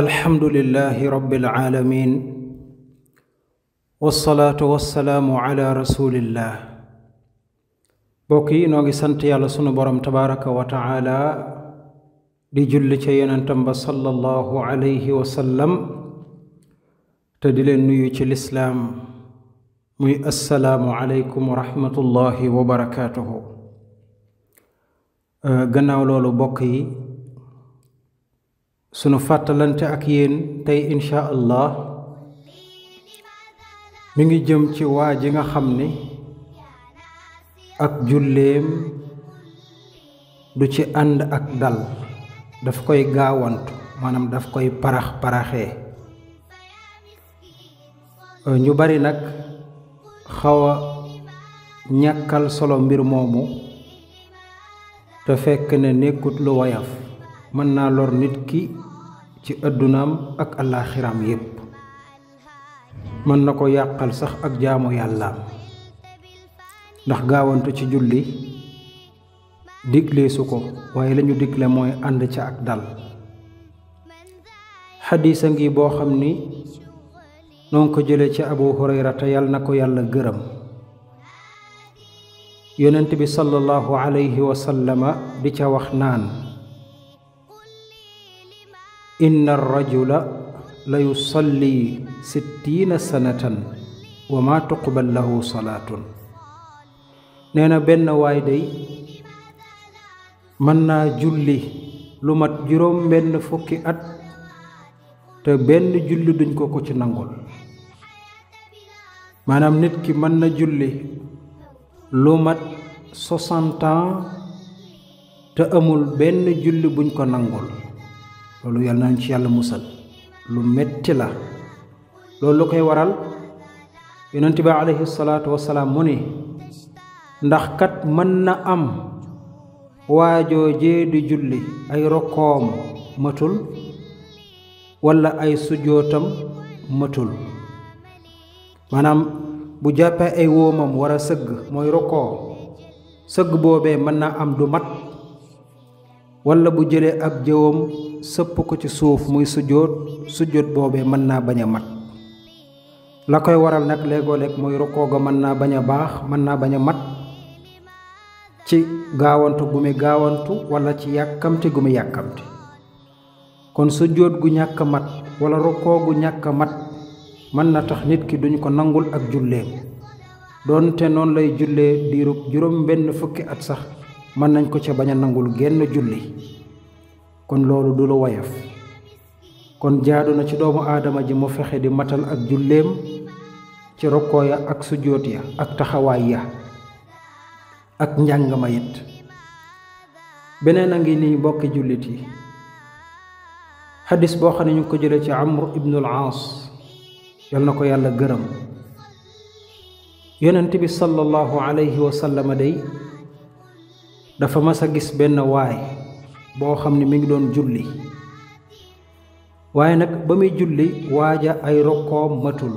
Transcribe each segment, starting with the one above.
alhamdulillahi rabbil aalamiin wassalaatu wassalaamu ala rasulillah bokk yi noo ngi sant yàlla sunu borom tabaraka wa taala di julli ca yonentam ba sallallahu alayhi wa sallam te di leen nuyu ci lislaam muy assalaamu aleykum wa rahmatullahi wa barakaatuhu gannaaw loolu bokk yi sunu fàttalante ak yéen tey incha allah mi ngi jëm ci waa ji nga xam ni ak julleem du ci ànd ak dal daf koy gaawantu maanaam daf koy parax paraxee ñu bari nag xaw a ñàkkal solo mbir moomu te fekk ne nekkut lu woyaf mën naa lor nit ki ci addunaam ak allaaxiraam yépp mën na ko yàqal sax ak jaamu yàlla ndax gaawantu ci julli diglee su ko waaye lañu digle mooy ànd ca ak dal xadiis a ngi boo xam ni noon ko jële ci abu hurayra te na ko yàlla gërëm yonent bi sallallahu alayhi wa di ca wax naan inna arrajula la yusalli sittiina sanatan wa ma tuqbal lahu salaatun nee na benn waay day mën naa julli lu mat juróom benn fukki at te benn julli duñ ko ko ci nangul maanaam nit ki mën na julli lu mat soixante te amul benn julli buñ ko nangul loolu yàlla nañ ci yàlla musal lu metti la loolu lu koy waral yonent bi alayhi salaatu mu ni ndax kat mën na am waajoo jee di julli ay rokkoom matul walla ay sujootam matul maanaam bu jàppee ay woomam war sëgg mooy rokkoo sëgg boobee mën na am du mat walla bu jëlee ab jëwam sëpp ko ci suuf muy sujjóot sujjóot boobee mën naa bañ a mat la koy waral nag léegoo-léeg muy rukkoo ga mën naa bañ a baax mën naa bañ a mat ci gaawantu gu muy gaawantu walla ci yàkkamti gu muy yàkkamti kon sujjóot gu ñàkk a mat wala rukkoo gu ñàkk a mat mën na tax nit ki duñ ko nangul ak julleem doonte noonu lay jullee diirub juróom benn fukki at sax mën nañ ko ca bañ a nangul genn julli kon loolu du lu woyof kon jaadu na ci doomu aadama ji mu fexe di matal ak julleem ci rokkoo ya ak sujjóot ya ak taxawaay ya ak njàng ma it beneen a ngi nii mbokki jullit yi xadis boo xam ne ñu ko jëlee ci amr ibnul aas yal na ko yàlla gërëm yonent bi sallallahu alayhi wa sallam dafa mas a gis benn waay boo xam ne mu ngi doon julli waaye nag ba muy julli waaja ay rokkoo matul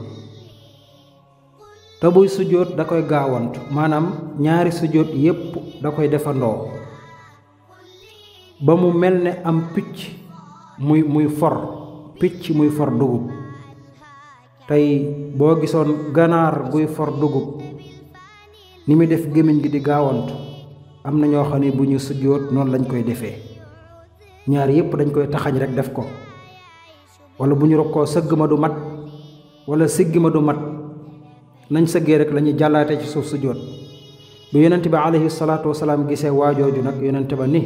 te buy sujjóot da koy gaawantu maanaam ñaari sujjóot yépp da koy defandoo ba mu mel ne am picc muy muy for picc muy for dugub tey boo gisoon ganaar guy for dugub ni muy def gémmiñ gi di gaawantu am na ñoo xam ne bu ñu sujjóot noonu lañ koy defee ñaar yépp dañ koy taxañ rek def ko wala bu ñu rokkoo sëgg ma du mat wala siggi ma du mat nañ sëggee rek lañuy ñuy jàllaate ci suuf su jóot bi yonent bi alayhi salaatu wasalaam gisee waajooju nag yonent ba ni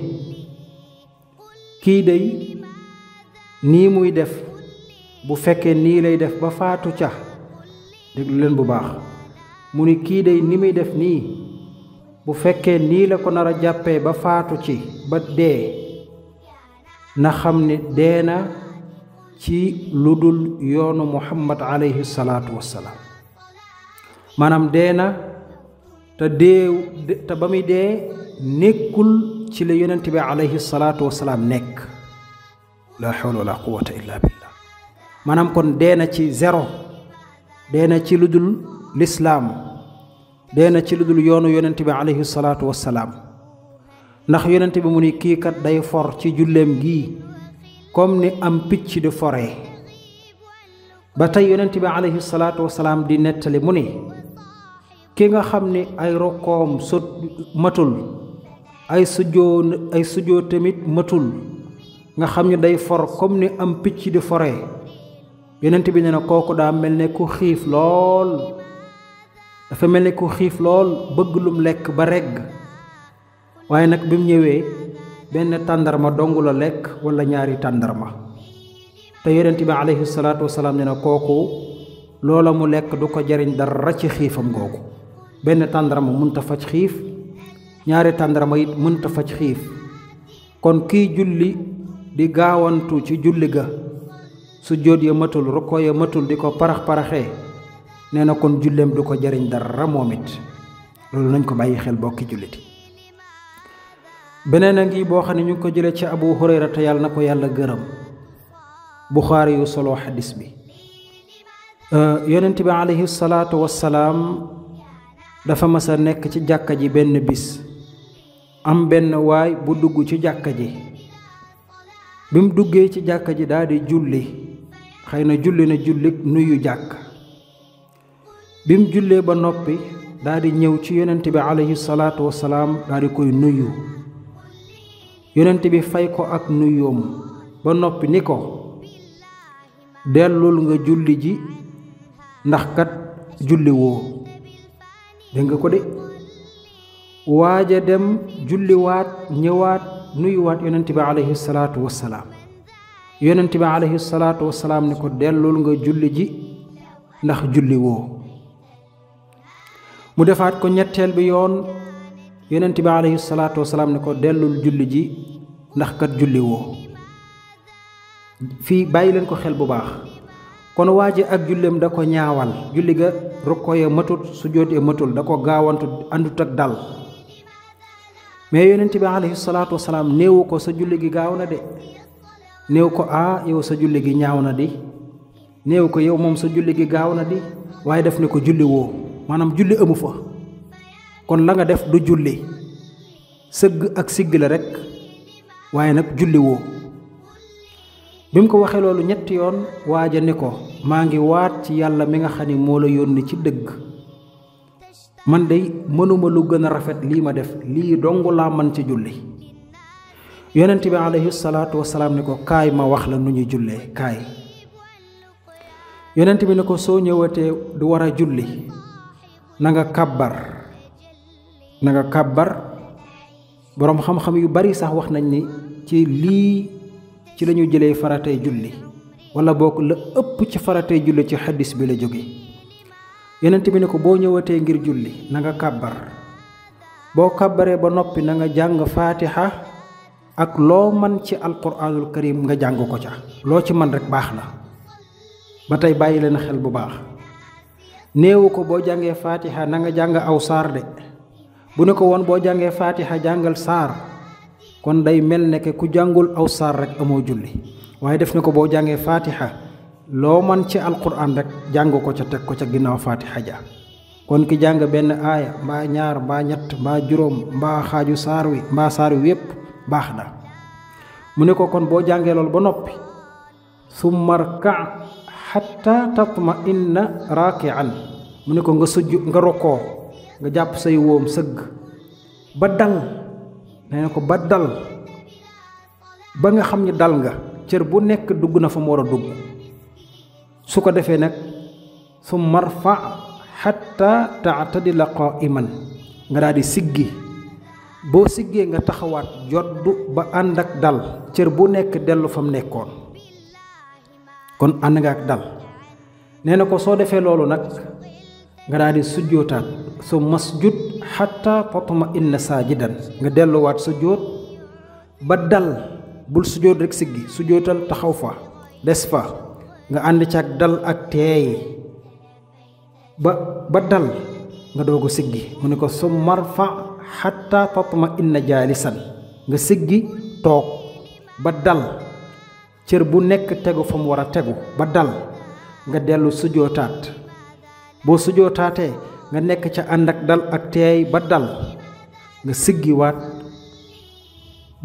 kii day nii muy def bu fekkee nii lay def ba faatu ca déglu leen bu baax mu ni kii day ni muy def nii bu fekkee nii la ko nar a jàppee ba faatu ci ba dee na xam ne dee na ci lu dul yoonu muhammad alayhi salaatu wassalaam maanaam dee na te dee ba muy dee nekkul ci la yonent bi alayhi salaatu wassalaam nekk la hawla wala quwata illa billah maanaam kon dee na ci sero dee na ci lu dul lislaam dee na ci lu dul yoonu yonent bi alayhi salaatu wassalaam ndax yonent bi mu ni kiikat day for ci julleem gi comme ni am picc di foree ba tey yonent bi alayhi salaatu di nettali mu ni ki nga xam ni ay rokkoom sot matul ay sujjoo ay sujjoo tamit matul nga xam ni day for comme ni am picc di fore yonent bi ne na kooku daa mel ne ku xiif lool dafa mel ne ku xiif lool bëgg lum lekk ba regg waaye nag bi mu ñëwee benn tàndarma dong la lekk walla ñaari tàndarma te yonent bi alayhi salaatu ne na kooku loola mu lekk du ko jariñ dara ci xiifam googu benn tàndarma mënta faj xiif ñaari tàndarma it mënta faj xiif kon kiy julli di gaawantu ci julli ga su jóot ya matul rukkoo ya matul di ko parax-paraxee nee na kon julleem du ko jariñ dara moom it loolu nañ ko bàyyi xel bokki julliti beneen a ngi boo xam ne ñu ngi ko jëlee ci abu hurayrata yàlla na ko yàlla gërëm buxaari yu solo xadis bi yonent bi aleyhi salaatu wassalaam dafa mas a nekk ci jàkka ji benn bis am benn waay bu dugg ci jàkka ji bi mu duggee ci jàkka ji daldi di julli xëy na julli na julli nuyu jàkk bi mu jullee ba noppi daldi ñëw ci yonent bi aleyhi salaatu wassalaam daal di koy nuyu yonent bi fay ko ak nuyoom ba noppi ni ko dellul nga julli ji ndax kat julli woo dégg nga ko de waaja dem julliwaat ñëwaat nuyuwaat yonent bi aleyhi salaatu wassalaam yonent bi aleyhi salaatu wassalaam ni ko dellul nga julli ji ndax julli woo mu defaat ko ñetteel bi yoon yonent bi alayhi salaatu wasalaam ne ko dellul julli ji ndax kat julli woo fii bàyyi leen ko xel bu baax kon waa ji ak julleem da ko ñaawal julli ga rukko ya matut su jootee matul da ko gaawantu àndut ak dal mais yonent bi alayhi salaatu wasalaam néewu ko sa julli gi gaaw na de néew ko a ah, yow sa julli gi ñaaw na di néew ko yow moom sa julli gi gaaw na di waaye daf ne ko julli woo maanaam julli amu fa kon la nga def du julli sëgg ak sigg la rekk waaye nag julli woo bi mu ko waxee loolu ñetti yoon waaja ni ko maa ngi waat ci yàlla mi nga xam ni moo la yónni ci dëgg man de mënuma lu gën a rafet lii ma def lii dong laa man ci julli yonent bi alayhi salaatu wasalaam ni ko kaay ma wax la nu ñuy jullee kaay yonent bi ni ko soo ñëwatee du war a julli nanga nga kàbbar nanga nga kàbbar boroom xam-xam yu bari sax wax nañ ni ci lii ci lañu jëlee faratay julli wala bokk la ëpp ci faratay julli ci xaddis bi la jóge yonent bi ne ko boo ñëwatee ngir julli na nga kàbbar boo kàbbaree ba noppi na nga jàng faatiha ak loo man ci alquraanul karim nga jàng ko ca loo ci man rek baax na ba tey bàyyi leen xel bu baax néewu ko boo jàngee faatiha na nga jàng aw saar de bu ne ko woon boo jàngee faatiha jàngal saar kon day mel ne ku jàngul aw saar rek amoo julli waaye def ne ko boo jàngee faatiha loo man ci alquran rek jàng ko ca teg ko ca ginnaaw faatiha ja kon ki jàng benn aaya mbaa ñaar mbaa ñett mbaa juróom mbaa xaaju saar wi mbaa saar wi yépp baax na mu ne ko kon boo jàngee loolu ba noppi summa ma indi na raake an mu ne ko nga sujj nga rokkoo nga jàpp say woom sëgg ba dal nee na ko ba dal ba nga xam ni dal nga cër bu nekk dugg na fa mu war a dugg su ko defee nag su marfa xatta taatadi la qaiman nga daal di siggi boo siggee nga taxawaat joddu ba ànd ak dal cër bu nekk dellu fa mu nekkoon kon ànd nga ak dal nee na ko soo defee loolu nag nga daal di sujjootaat su masjud xatta tatma inna saajidan nga delluwaat sujjóot ba dal bul sujjóot rek siggi sujjóotal taxaw fa des fa nga ànd ci dal ak teey ba ba dal nga doog a siggi mu ne ko su marfa xatta tatma inna jaalisan nga siggi toog ba dal cër bu nekk tegu fa mu war a tegu ba dal nga dellu sujjóotaat boo sujjóotaatee nga nekk ca ànd ak dal ak teey ba dal nga siggiwaat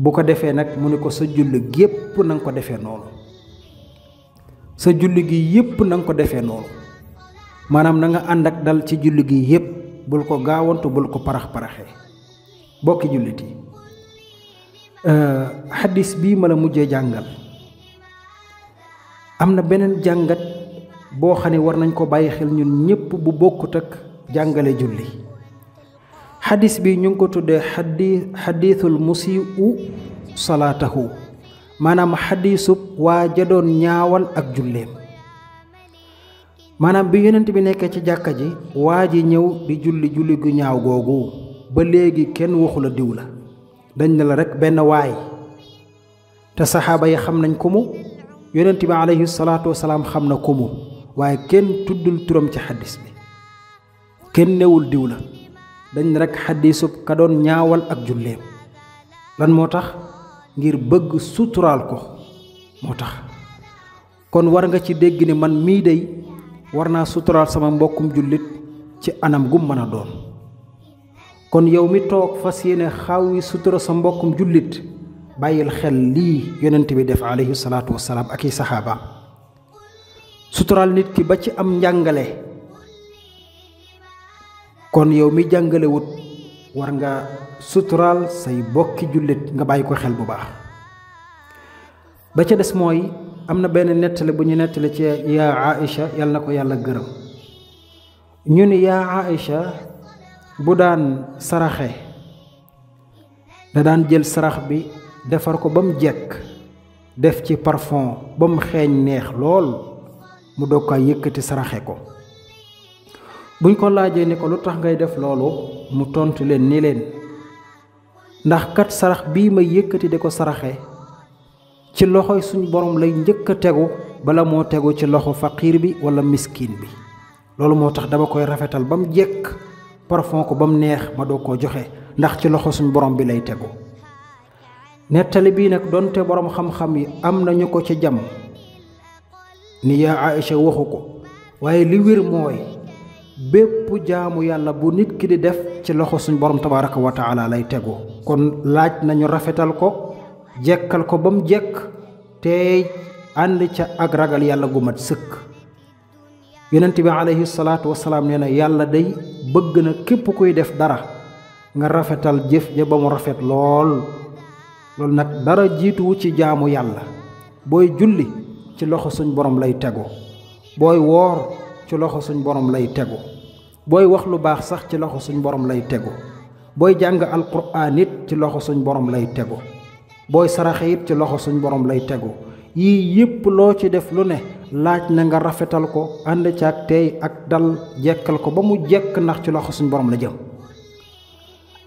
bu ko defee nag mu ni ko sa julli yépp na nga ko defee noonu sa julli gi yépp nanga ko defee noonu maanaam na nga ànd ak dal ci julli gi yépp bul ko gaawantu bul ko parax-paraxee bokki jullit yi euh, xaddis bii ma la mujje jàngal am na beneen jàngat boo xam war nañ ko bàyyi xel ñun ñépp bu bokkut ak jàngale julli xadis bi ñu ngi ko tuddee xadi xadiisul musii'u salaatahu maanaam xadiisub waa ja doon ñaawal ak julleem maanaam bi yonent bi nekkee ci jàkka ji waa ji ñëw di julli julli gu ñaaw googu ba léegi kenn waxu la diw la dañ ne la rekk benn waay te saxaaba yi xam nañ ko mu yonent bi alayhi salaatu wasalaam xam na ko mu waaye kenn tuddul turam ci xadis bi kenn newul diw la dañ rekk xaddiisub ka doon ñaawal ak julleem lan moo tax ngir bëgg suturaal ko moo tax kon war nga ci dégg ni man mii dey war naa suturaal sama mbokkum jullit ci anam gu mën a doon kon yow mi toog fas yéene xawi sutura sa mbokkum jullit bàyyil xel lii yonent bi def alayhi salaatu wasalaam ak i saxaaba suturaal nit ki ba ci am njàngale kon yow mi jàngalewut war nga suturaal say bokki jullit nga bàyyi ko xel bu baax ba ca des mooy am na benn nettali bu ñu nettali ci yaa Aïcha yal na ko yàlla gërëm ñu ni yaa Aïcha bu daan saraxe da daan jël sarax bi defar ko ba mu jekk def ci parfon ba mu xeeñ neex lool mu doog ko yëkkati saraxe ko buñ ko laajee ni ko lu tax ngay def loolu mu tontu leen ni leen ndax kat sarax bii may yëkkati di ko saraxe ci loxoy suñu borom lay njëkk a tegu bala moo tegu ci loxo faqiir bi wala miskin bi loolu moo tax dama koy rafetal ba mu jekk parfum ko ba mu neex ma doo koo joxe ndax ci loxo suñu borom bi lay tegu nettali bii nag donte borom xam-xam yi am nañu ko ci jam ni yaa Aïcha waxu ko waaye li wér mooy bépp jaamu yàlla bu nit ki di def ci loxo suñu borom tabaraka wa lay tegoo kon laaj nañu rafetal ko jekkal ko ba mu jekk te ànd ca ak ragal yàlla gu mat sëkk yonent bi alayhi salaatu wasalaam nee na yàlla day bëgg na képp kuy def dara nga rafetal jëf ja ba mu rafet lool loolu nag dara jiituwu ci jaamu yàlla booy julli ci loxo suñ borom lay tegu booy woor ci loxo suñu borom lay tegu booy wax lu baax sax ci loxo suñu borom lay tegu booy jàng alquraan it ci loxo suñ borom lay tegu booy saraxe ci loxo suñ borom lay tegu yii yépp loo ci def lu ne laaj na nga rafetal ko ànd ci ak tey ak dal jekkal ko ba mu jekk ndax ci loxo suñ borom la jëm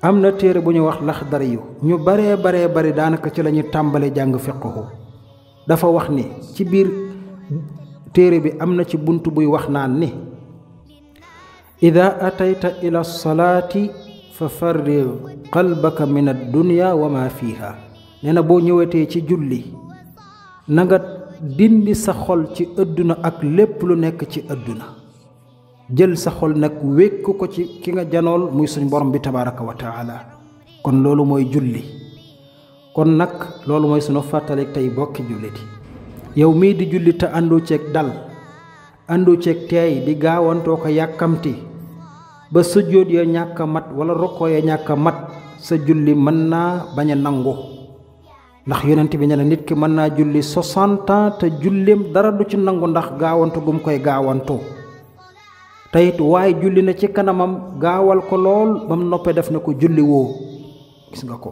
am na téere bu ñu wax laxdari yu ñu baree baree bari daanaka ci lañuy ñuy tàmbale jàng fiqhu dafa wax ni ci biir téere bi am na ci bunt buy wax naan ni ida atayta ila salaati fa farrig qalbaka min addunya wa ma fiha nee na boo ñëwatee ci julli na nga dindi sa xol ci ëdduna ak lépp lu nekk ci ëdduna jël sa xol nag wékk ko ci ki nga janoon muy suñ borom bi tabaraka wa kon loolu mooy julli kon nag loolu mooy sunu fàttalik tey bokki julliti yow mii di julli te àndu dal àndu ceeg teey di gaawantoo ko yàkkamti ba sa jóot ya ñàkk a mat wala rokkoo ya ñàkk mat sa julli mën naa bañ nangu ndax yonent bi ne nit ki mën naa julli soixante te julleem dara du ci nangu ndax gaawantu gum koy gaawantoo te waaye julli na ci kanamam gaawal ko lool ba mu noppee def na ko julli woo gis nga ko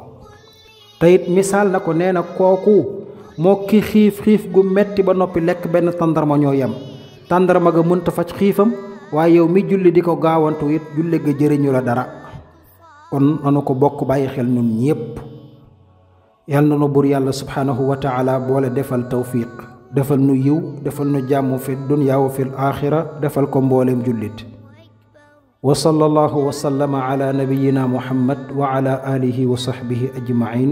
te misaal na ko nee na kooku moo ki xiif xiif gu metti ba noppi lekk benn tàndarma ñoo yam tàndarma ga mënta faj xiifam waaye yow mi julli di ko gaawantu it julli ga jëriñu la dara kon nanu ko bokk bàyyi xel ñun ñépp yal nanu nu buur yàlla subhaanahu wa taala boole defal tawfiq defal nu yiw defal nu jàmm fi dunya wa aaxira defal ko mbooleem jullit wa sallallahu wa sallama ala nabiyina muhammad wa ala alihi wa sahbihi ajmain